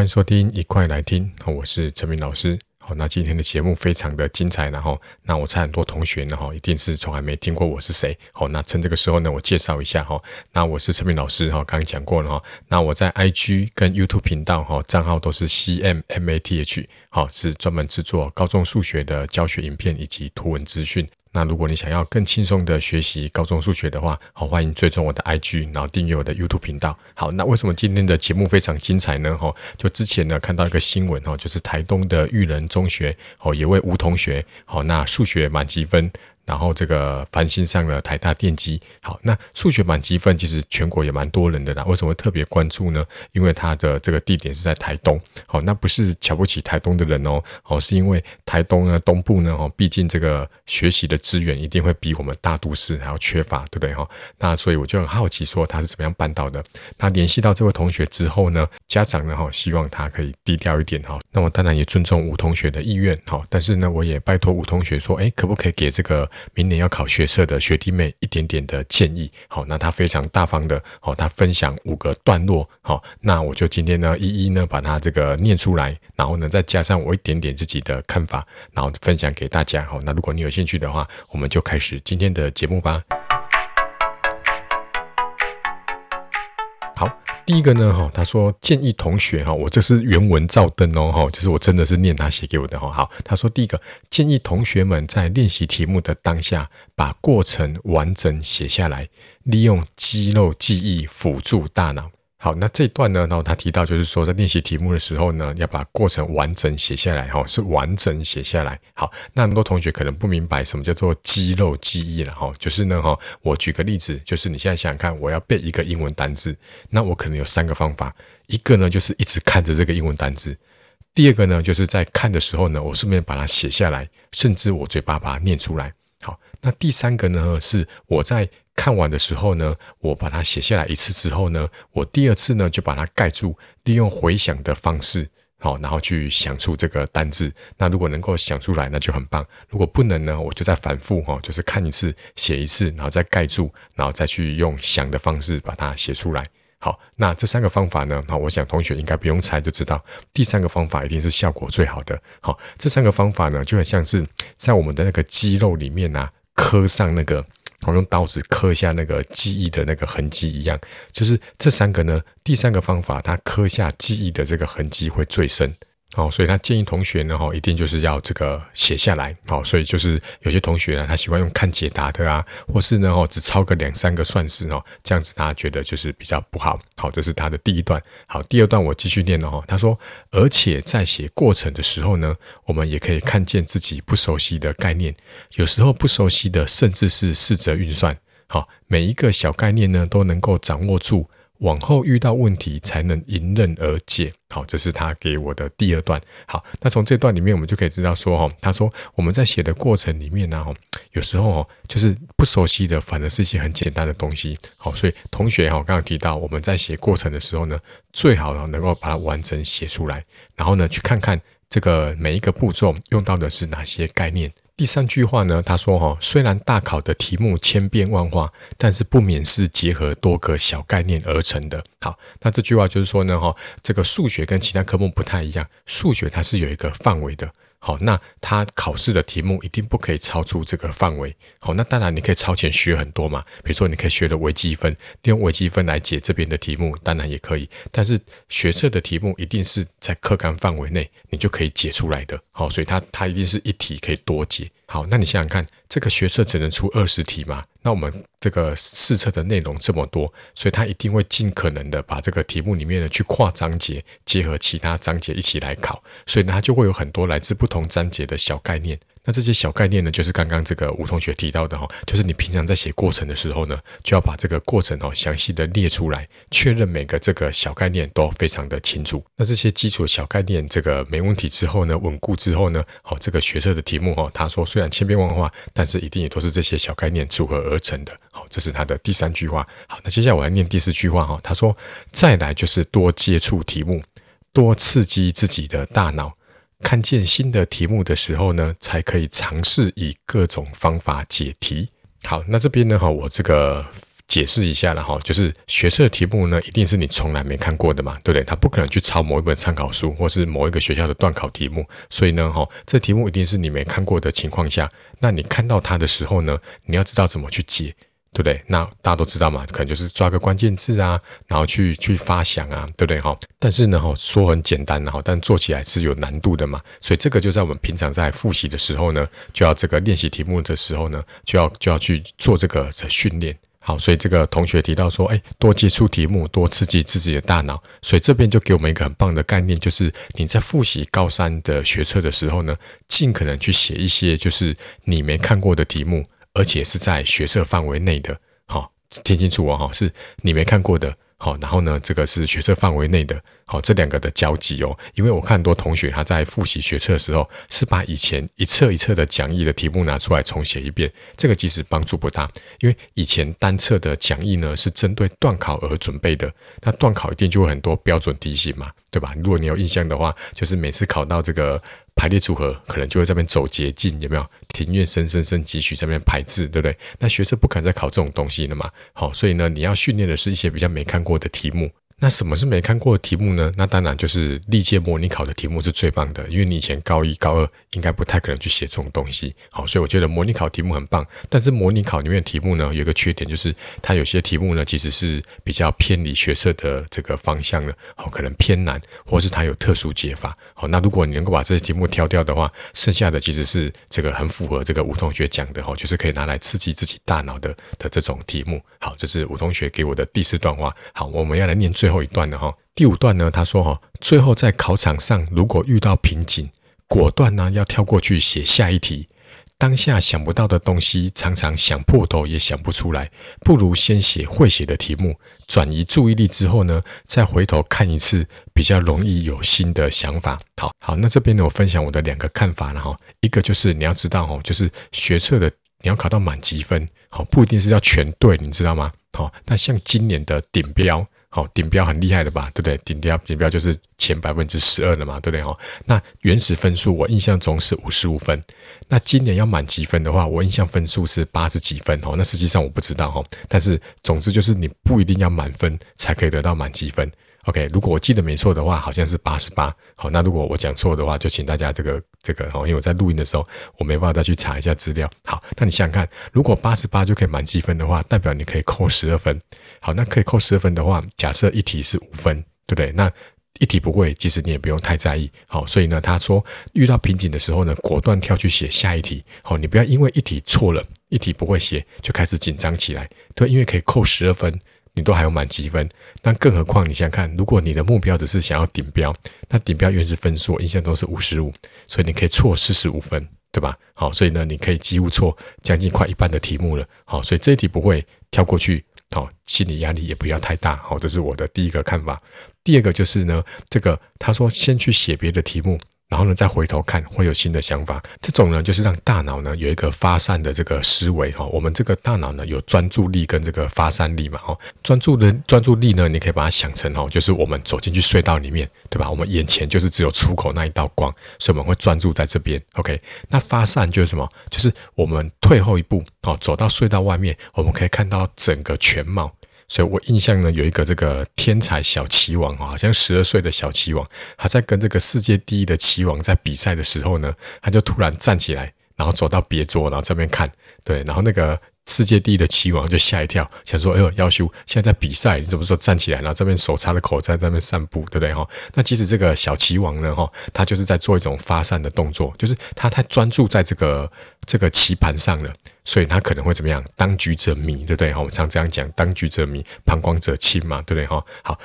歡迎收聽，一塊來聽。我是陳明老師。好，那今天的節目非常的精彩，然後，那我猜很多同學呢，一定是從來沒聽過我是誰。好，那趁這個時候呢，我介紹一下哈。那我是陳明老師哈，剛剛講過了哈。那我在 IG 跟 YouTube 頻道哈賬號都是 CMMath，是專門製作高中數學的教學影片以及圖文資訊。那如果你想要更輕鬆的學習高中數學的話，好、哦、歡迎追蹤我的 IG，然後訂閱我的 YouTube 頻道。好，那為什麼今天的節目非常精彩呢？哈、哦，就之前呢看到一個新聞哦，就是台東的育仁中學哦，有位吳同學好、哦，那數學滿級分。然後這個繁星上了台大電機，好，那數學滿級分其實全國也蠻多人的啦，為什麼特別關注呢？因為他的這個地點是在台東，好，那不是瞧不起台東的人哦，哦，是因為台東呢，東部呢，哦，畢竟這個學習的資源一定會比我們大都市還要缺乏，對不對哈？那所以我就很好奇說他是怎麼樣辦到的？那聯繫到這位同學之後呢，家長呢哈，希望他可以低調一點哈。那我當然也尊重吳同學的意願哈，但是呢，我也拜托吳同學說，哎，可不可以給這個。明年要考學測的學弟妹，一點點的建議。好，那他非常大方的，好，他分享五個段落。好，那我就今天呢，一一呢把它這個念出來，然後呢再加上我一點點自己的看法，然後分享給大家。好，那如果你有興趣的話，我們就開始今天的節目吧。第一個呢，哈，他說建議同學哈，我這是原文照登哦，哈，就是我真的是念他寫給我的哈。好，他說第一個建議同學們在練習題目的當下，把過程完整寫下來，利用肌肉記憶輔助大腦。好，那這一段呢？然後他提到，就是說在練習題目的時候呢，要把過程完整寫下來，哈、哦，是完整寫下來。好，那很多同學可能不明白什麼叫做肌肉記憶了，哈、哦，就是呢，哈、哦，我舉個例子，就是你現在想想看，我要背一個英文單字，那我可能有三個方法，一個呢就是一直看着這個英文單字，第二個呢就是在看的時候呢，我順便把它寫下來，甚至我嘴巴把它念出來。好，那第三個呢是我在。看完的時候呢，我把它寫下來一次之後呢，我第二次呢就把它蓋住，利用回想的方式，好，然後去想出這個單字。那如果能夠想出來，那就很棒；如果不能呢，我就再反覆哈，就是看一次，寫一次，然後再蓋住，然後再去用想的方式把它寫出來。好，那這三個方法呢，好，我想同學應該不用猜就知道，第三個方法一定是效果最好的。好，這三個方法呢，就很像是在我們的那個肌肉裡面啊，刻上那個。好像用刀子刻下那個記憶的那個痕跡一樣，就是這三個呢，第三個方法，它刻下記憶的這個痕跡會最深。哦，所以他建議同學呢，哈，一定就是要這個寫下來。好、哦，所以就是有些同學呢，他喜歡用看解答的啊，或是呢，哦，只抄個兩三個算式哦，這樣子大家覺得就是比較不好。好、哦，這是他的第一段。好，第二段我繼續念了哦。他說，而且在寫過程的時候呢，我們也可以看見自己不熟悉的概念，有時候不熟悉的甚至是四則運算。好、哦，每一個小概念呢，都能夠掌握住。往後遇到問題才能迎刃而解，好，這是他給我的第二段。好，那從這段裡面，我們就可以知道說，哦，他說我們在寫的過程裡面呢，哦，有時候哦，就是不熟悉的，反而是一些很簡單的東西。好，所以同學哈，我剛剛提到我們在寫過程的時候呢，最好能夠把它完整寫出來，然後呢，去看看這個每一個步驟用到的是哪些概念。第三句話呢，他說齁，雖然大考的題目千變萬化，但是不免是結合多個小概念而成的。好，那這句話就是說呢，齁，這個數學跟其他科目不太一樣，數學它是有一個範圍的。好，那他考試的題目一定不可以超出這個範圍。好，那當然你可以超前學很多嘛，比如說你可以學的微積分，利用微積分來解這邊的題目，當然也可以。但是學測的題目一定是在課綱範圍內，你就可以解出來的。好，所以他他一定是一題可以多解。好，那你想想看，這個學測只能出二十題嘛？那我們這個四冊的內容這麼多，所以他一定會盡可能的把這個題目裡面呢去跨章節，結合其他章節一起來考，所以呢，它就會有很多來自不同章節的小概念。那這些小概念呢，就是剛剛這個吳同學提到的哈、哦，就是你平常在寫過程的時候呢，就要把這個過程哦，詳細的列出來，確認每個這個小概念都非常的清楚。那這些基礎小概念這個沒問題之後呢，穩固之後呢，好、哦、這個學測的題目哈、哦，他說雖然千變萬化，但是一定也都是這些小概念組合而成的。好、哦，這是他的第三句話。好，那接下來我來念第四句話哈、哦，他說再來就是多接觸題目，多刺激自己的大腦。看見新的題目的時候呢，才可以嘗試以各種方法解題。好，那這邊呢，哈，我這個解釋一下了哈，就是學測的題目呢，一定是你從來沒看過的嘛，對不對？他不可能去抄某一本參考書或是某一個學校的段考題目，所以呢，哈、哦，這題目一定是你沒看過的情況下，那你看到它的時候呢，你要知道怎麼去解。對不對？那大家都知道嘛，可能就是抓個關鍵字啊，然後去去發想啊，對不對哈、哦？但是呢，哈，說很簡單、啊，然後但做起來是有難度的嘛。所以這個就在我們平常在複習的時候呢，就要這個練習題目的時候呢，就要就要去做這個的訓練。好，所以這個同學提到說，哎，多接觸題目，多刺激自己的大腦。所以這邊就給我們一個很棒的概念，就是你在複習高三的學測的時候呢，儘可能去寫一些就是你沒看過的題目。而且是在學測範圍內的，好，聽清楚哦。哈，是你沒看過的，好，然後呢，這個是學測範圍內的，好，這兩個的交集哦，因為我看很多同學他在複習學測的時候，是把以前一冊一冊的講義的題目拿出來重寫一遍，這個其實幫助不大，因為以前單冊的講義呢是針對段考而準備的，那段考一定就會很多標準題型嘛，對吧？如果你有印象的話，就是每次考到這個。排列組合可能就會在那邊走捷徑，有沒有？庭院深深深幾許在那邊排字，對不對？那學生不敢再考這種東西了嘛。好、哦，所以呢，你要訓練的是一些比較沒看過的題目。那什麼是沒看過的題目呢？那當然就是歷屆模擬考的題目是最棒的，因為你以前高一、高二應該不太可能去寫這種東西，好，所以我覺得模擬考題目很棒。但是模擬考裡面的題目呢，有一個缺點，就是它有些題目呢，其實是比較偏離學測的這個方向的，好、哦，可能偏難，或是它有特殊解法。好、哦，那如果你能夠把這些題目挑掉的話，剩下的其實是這個很符合這個吳同學講的，哦，就是可以拿來刺激自己大腦的的這種題目。好，這是吳同學給我的第四段話。好，我們要來念最。最後一段了哈，第五段呢，他說哈，最後在考場上如果遇到瓶頸，果斷呢要跳過去寫下一題。當下想不到的東西，常常想破頭也想不出來，不如先寫會寫的題目，轉移注意力之後呢，再回頭看一次，比較容易有新的想法。好，好，那這邊呢，我分享我的兩個看法了哈。一個就是你要知道哈，就是學測的你要考到滿級分，好，不一定是要全對，你知道嗎？好，那像今年的頂標。好、哦，頂標很厲害的吧，對不對？頂標頂標就是前百分之十二的嘛，對不對、哦？哈，那原始分數我印象中是五十五分，那今年要滿級分的話，我印象分數是八十幾分、哦，那實際上我不知道、哦，哈，但是總之就是你不一定要滿分才可以得到滿級分。OK，如果我記得沒錯的話，好像是八十八。好，那如果我講錯的話，就請大家這個這個，因為我在錄音的時候，我沒辦法再去查一下資料。好，那你想想看，如果八十八就可以滿級分的話，代表你可以扣十二分。好，那可以扣十二分的話，假設一題是五分，對不對？那一題不會，其實你也不用太在意。好，所以呢，他說遇到瓶頸的時候呢，果斷跳去寫下一題。好，你不要因為一題錯了，一題不會寫就開始緊張起來。對，因為可以扣十二分。你都還有滿級分，但更何況，你想想看，如果你的目標只是想要頂標，那頂標原始分數我印象都是五十五，所以你可以錯四十五分，對吧？好，所以呢，你可以幾乎錯將近快一半的題目了。好，所以這一題不會跳過去，好、哦，心理壓力也不要太大。好，這是我的第一個看法。第二個就是呢，這個他說先去寫別的題目。然後呢，再回頭看，會有新的想法。這種呢，就是讓大腦呢有一個發散的這個思維哈、哦。我們這個大腦呢有專注力跟這個發散力嘛哦。專注的專注力呢，你可以把它想成哦，就是我們走進去隧道裡面，對吧？我們眼前就是只有出口那一道光，所以我們會專注在這邊。OK，那發散就是什麼？就是我們退後一步哦，走到隧道外面，我們可以看到整個全貌。所以我印象呢，有一個這個天才小棋王，好像十二歲的小棋王，他在跟這個世界第一的棋王在比賽的時候呢，他就突然站起來，然後走到別桌，然後這邊看，對，然後那個世界第一的棋王就嚇一跳，想說，哎呦，要修現在在比賽，你怎麼說站起來，然後這邊手插了口袋，在那邊散步，對不對？那其實這個小棋王呢，哈，他就是在做一種發散的動作，就是他太專注在這個。這個棋盤上了，所以他可能會怎麼樣？當局者迷，對不對？我們常這樣講，當局者迷，旁觀者清嘛，對不對？好，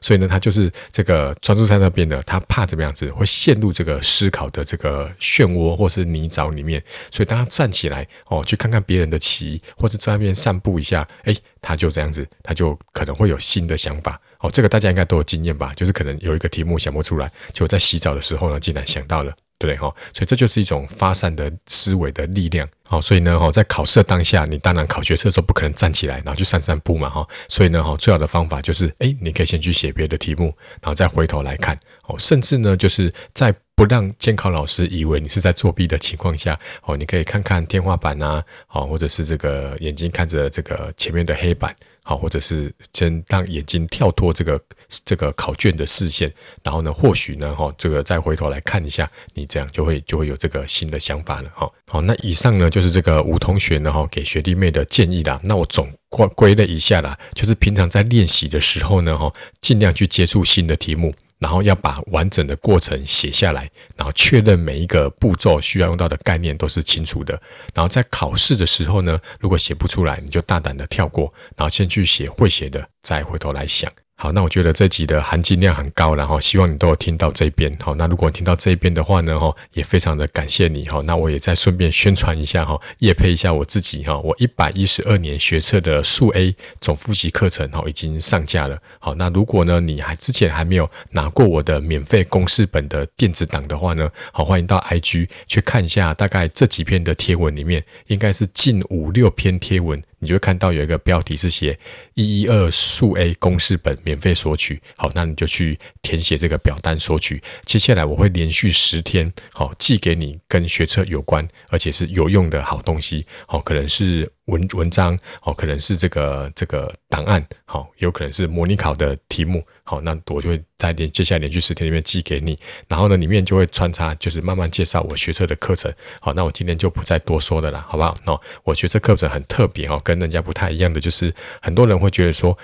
所以呢，他就是這個專注在那邊的，他怕怎麼樣子，會陷入這個思考的這個漩渦或是泥沼裡面。所以，當他站起來哦，去看看別人的棋，或是在外邊散步一下，哎，他就這樣子，他就可能會有新的想法。哦，這個大家應該都有經驗吧？就是可能有一個題目想不出來，就在洗澡的時候呢，竟然想到了。對哈，所以這就是一種發散的思維的力量。好，所以呢哈，在考試當下，你當然考學測的時候不可能站起來然後去散散步嘛哈。所以呢哈，最好的方法就是，誒，你可以先去寫別的題目，然後再回頭來看。哦，甚至呢，就是在不讓監考老師以為你是在作弊的情況下，哦，你可以看看天花板吶，哦，或者是這個眼睛看着這個前面的黑板。好，或者是先讓眼睛跳脫這個這個考卷的視線，然後呢，或許呢，哈、哦，這個再回頭來看一下，你這樣就會就會有這個新的想法了，哈、哦，好、哦，那以上呢就是這個吳同學呢，哈、哦，給學弟妹的建議啦。那我總歸歸類一下啦，就是平常在練習的時候呢，哈、哦，盡量去接觸新的題目。然後要把完整的過程寫下來，然後確認每一個步驟需要用到的概念都是清楚的。然後在考試的時候呢，如果寫不出來，你就大膽的跳過，然後先去寫會寫的，再回頭來想。好，那我覺得這集的含金量很高啦，然後希望你都有聽到這一邊。好，那如果聽到這一邊的話呢，也非常的感謝你，哈。那我也再順便宣傳一下，哈，業配一下我自己，哈。我一百一十二年學測的數 A 總複習課程，哈，已經上架了。好，那如果呢你還之前還沒有拿過我的免費公式本的電子檔的話呢，好，歡迎到 IG 去看一下，大概這幾篇的貼文裡面，應該是近五六篇貼文。你就會看到有一個標題是寫“一一二數 A 公式本免費索取”，好，那你就去填寫這個表單索取。接下來我會連續十天，好，寄給你跟學測有關而且是有用的好東西，好，可能是。文文章，哦，可能是這個這個檔案，好、哦，有可能是模擬考的題目，好、哦，那我就會在連接下來連續十天裡面寄給你，然後呢，裡面就會穿插，就是慢慢介紹我學測的課程，好、哦，那我今天就不再多說的了啦，好不好？哦，我學測課程很特別哦，跟人家不太一樣的就是，很多人會覺得說。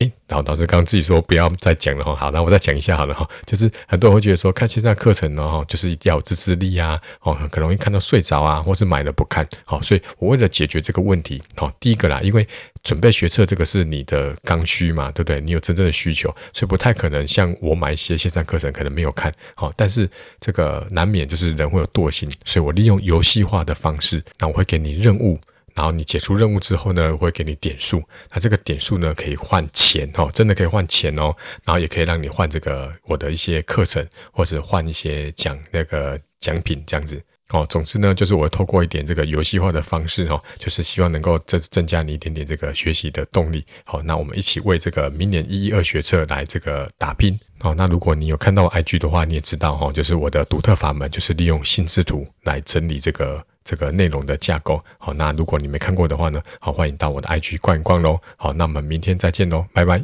哎，老老師剛剛自己說不要再講了哈，好，那我再講一下好了哈，就是很多人會覺得說看線上課程呢哈，就是要有自制力啊。哦，很容易看到睡着啊，或是買了不看好，所以我為了解決這個問題，好，第一個啦，因為準備學測這個是你的剛需嘛，對不對？你有真正的需求，所以不太可能像我買一些線上課程可能沒有看好，但是這個難免就是人會有惰性，所以我利用遊戲化的方式，那我會給你任務。然後你解除任務之後呢，我會給你點數，那這個點數呢可以換錢哦，真的可以換錢哦，然後也可以讓你換這個我的一些課程，或者換一些獎那個獎品這樣子哦。總之呢，就是我透過一點這個遊戲化的方式哦，就是希望能夠增增加你一點點這個學習的動力。好、哦，那我們一起為這個明年一一二學測來這個打拼。哦。那如果你有看到 IG 的話，你也知道哈、哦，就是我的獨特法門就是利用心智圖來整理這個。這個內容的架構，好，那如果你沒看過的話呢，好，歡迎到我的 IG 逛一逛嘍。好，那我們明天再見嘍，拜拜。